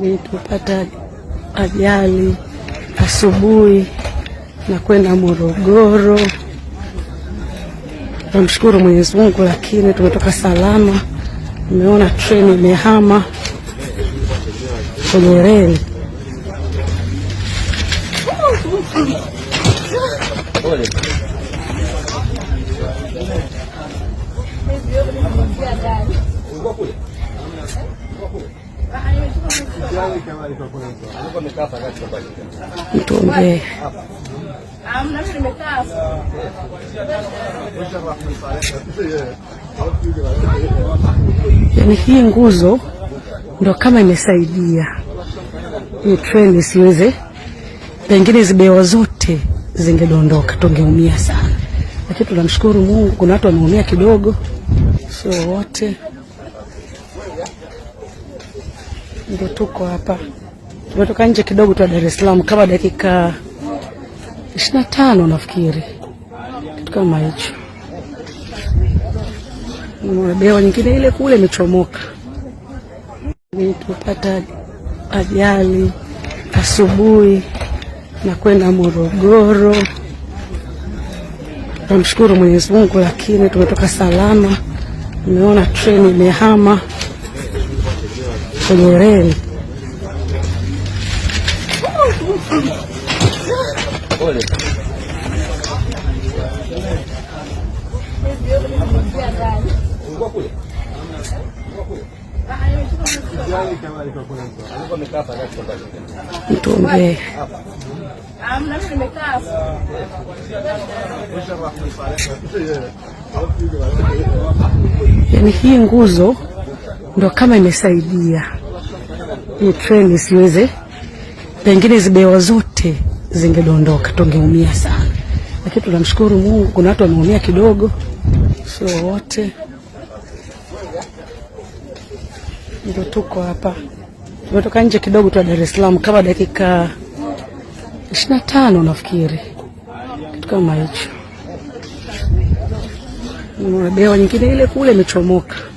Nilipopata ajali asubuhi na kwenda Morogoro, namshukuru Mwenyezi Mungu, lakini tumetoka salama. Nimeona treni imehama kwenye reli. Mtuongee hii nguzo ndo kama imesaidia hii treni isiweze, pengine zibewa zote zingedondoka, tungeumia sana, lakini tunamshukuru Mungu, kuna watu wameumia kidogo, sio wote. Ndio tuko hapa, tumetoka nje kidogo tu Dar es Salaam kama dakika ishirini na tano nafikiri, kitu kama hicho. Behewa nyingine ile kule imechomoka. tumepata ajali asubuhi na kwenda Morogoro. namshukuru Mwenyezi Mungu, lakini tumetoka salama. Nimeona treni imehama kwenye reli. Mtuombee. Yaani hii nguzo ndo kama imesaidia hii treni siweze, pengine zibewa bewa zote zingedondoka, tungeumia sana, lakini tunamshukuru Mungu, kuna watu wameumia kidogo, sio wote. Ndio tuko hapa, tumetoka nje kidogo tu ya Dar es Salaam kama dakika ishirina tano nafikiri, kitu kama hicho. Bewa nyingine ile kule imechomoka.